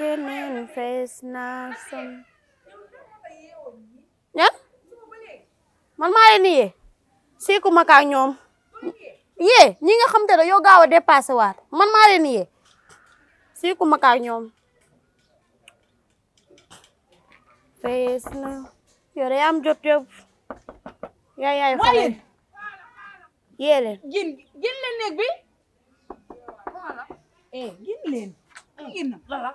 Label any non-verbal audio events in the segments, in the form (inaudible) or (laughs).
keneen fees naa sam ñan man maa leen yee siiku ma kaa ñoom yee ñi nga xam te ne yow gaaw a dépassé waat man maa leen yee siiku ma kaa ñoom fees na yore am jot yow yaay yaay xale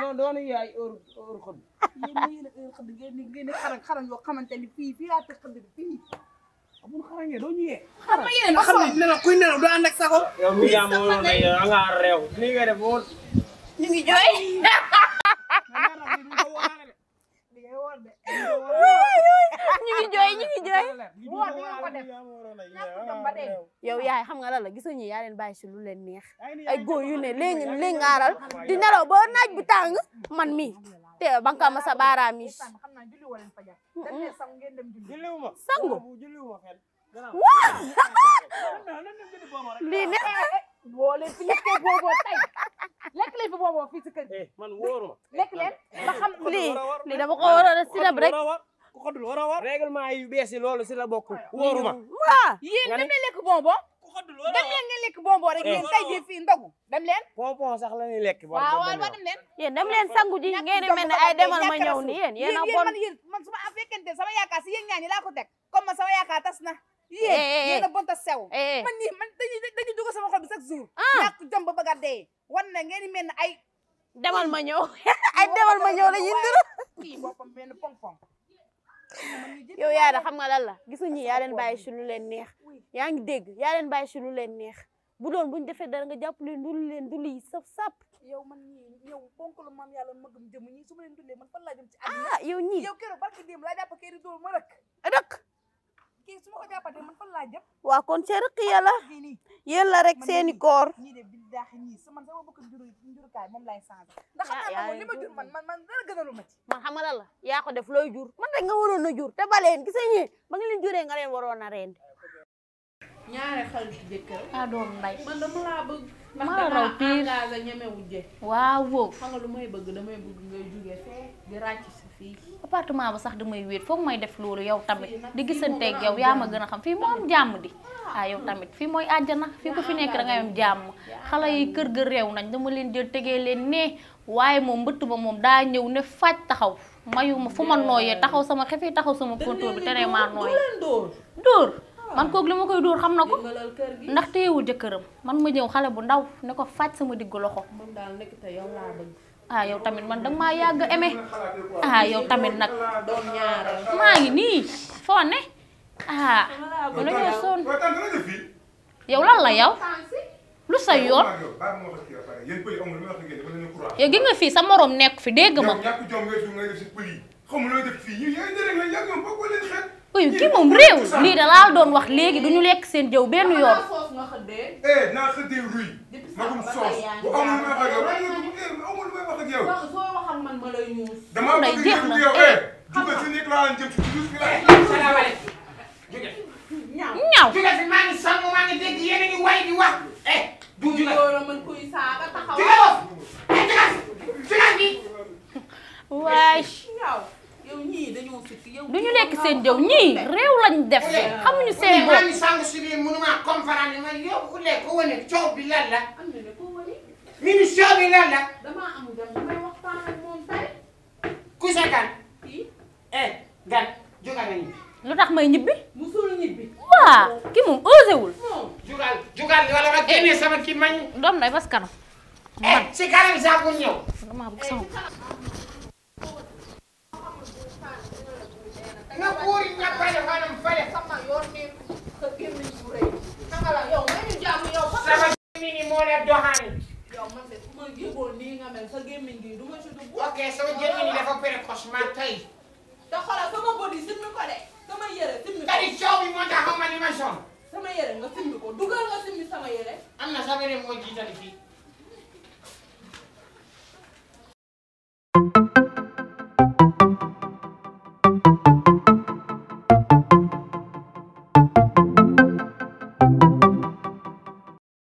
non doonu yaay heure heure xëdd yéen yéen heure xëdd yoo xamante ni fii fii laa teg xëdd bi fii bu ñu xarañee doo ñu yee xarañ yéen xam ne nelaw kuy nelaw doo ànd ak sago yow mi yaa ma woon ne yow nga reew ni nga def woon ñu ngi jooy (laughs) yow yaay xam nga la la gisoo ñu yaa leen bàyyi si lu ay góor yu ne léegi léegi ngaaral di nelaw ba naaj bi tàng man mi te banka ma sa baaraam yi sangu waa lii ne boo eh, eh, eh. leen fi lekkee booboo tey lekk leen fi booboo fii si kër man wóoruma lekk leen ba xam ko xadul war a war règlement yu bees yi loolu si la bokkul wóoruma waaw yéen dem leen lekk bonbon ko xadul war a dem leen nga lekk bonbon rek yéen tey jii fii ndogu dem leen bonbon sax la ñuy lekk waaw waaw waaw dem leen yéen dem leen sangu ji ngeen mel ay demal ma ñëw ni yéen yéen a bon yéen man su ma sama yaakaar si yéen ñaañi laa ko teg comme ma sama yaakaar tas na yéen yéen a bon ta sew man nii man dañuy dañuy dugg sama xol bi chaque jour ñàkk jom ba bëgg a dee wan na ngeen mel ne ay demal ma ñëw ay demal ma ñëw la ñuy ndira fii boppam pom pom yow ya, da xam nga lan la gisuñu yaa leen bàyyi si lu leen neex yaa ngi dégg yaa leen bàyyi si lu leen neex bu doon buñ dara nga dul dul yi sap yow man ñii yow ponk lu maam yàlla magum jëm ñii su ma leen man fan jëm ci ah yow ni. yow keroog barki dia laa jàpp kiri dua merak. ma rëkk semua kerja su ma ko Wah man fan lah. jëm waa kon ca rëkk yàlla ya yéen rek seeni koor ñii de billaahi ñii sama sama bëkk kaay moom lay changé ndax xam naa ne li ma jur man man man dara gënalu ma ci man xam nga la yaa ko def looy jur man rek nga waroon a jur te baleen gis nga ñi ba nga leen juree nga leen waroon a rendi ñaare xaritu jëkkër. ah doom nday man dama laa bëgg. ma la raw piir ndax dangaa engagé ñeme wujje. waaw woo. xam nga lu may bëgg damay bëgg ngay jugee fee di ràcc si fii. appartement ba sax damay wéet foog may def loolu yow tamit di gisanteeg yow yaa ma xam fii moo am jàmm di. Ah. ah yow tamit fii mooy àjjana fii ku fi am yi kër nañ dama leen jël leen mbëtt ba ñëw taxaw. taxaw sama xef taxaw sama kontóor bi te ne man kook li ma koy dóor xam na ko ndax téyewul jëkkëram man ma ñëw xale bu ndaw ne ko faj sama diggu loxo ah yow tamit man danga maa yàgg ame ah yow tamit nag maa ngi nii foo ne ah la ñoo sonn yow la yow lu sa yoon yow gi nga fii sa morom nekk fi dégg ma oyo kii moom réew lii da laa doon wax léegi du lekk seen jëw benn yoon. eh naa xëddee ruy. magum soos bu amul may wax ak yow amul may wax ak yow. damaa bëgg ñu dugg yow eh. eh a du ñu lekk seen jëw ñii réew lañ def xamuñu seen bopp. ministre bi lan la. damaa am gan damay waxtaan ak moom tey. ku sa gan. kii eh gan lu tax may ñibbi. musul ñibbi. waa ki moom osé wul. jugal jugal wala ma génne eh. sama kii ma doom day bas kanam. man eh, si kanam sax ñëw. na buuri ñàkkale fanam fale sama yoon ni sa gémmiñ bu rëy xam la yow may ñu sama gémmiñ ni moo la doxaani yow man de ma yëgoon nii nga mel sa gi du ma ci dugg ok sama gémmiñ ni dafa précoce ma tey te sama body simmi ko de sama yére simmi ko tey coow bi moo tax ma ni ma sonn sama yére nga simmi ko sama yére am na sama fii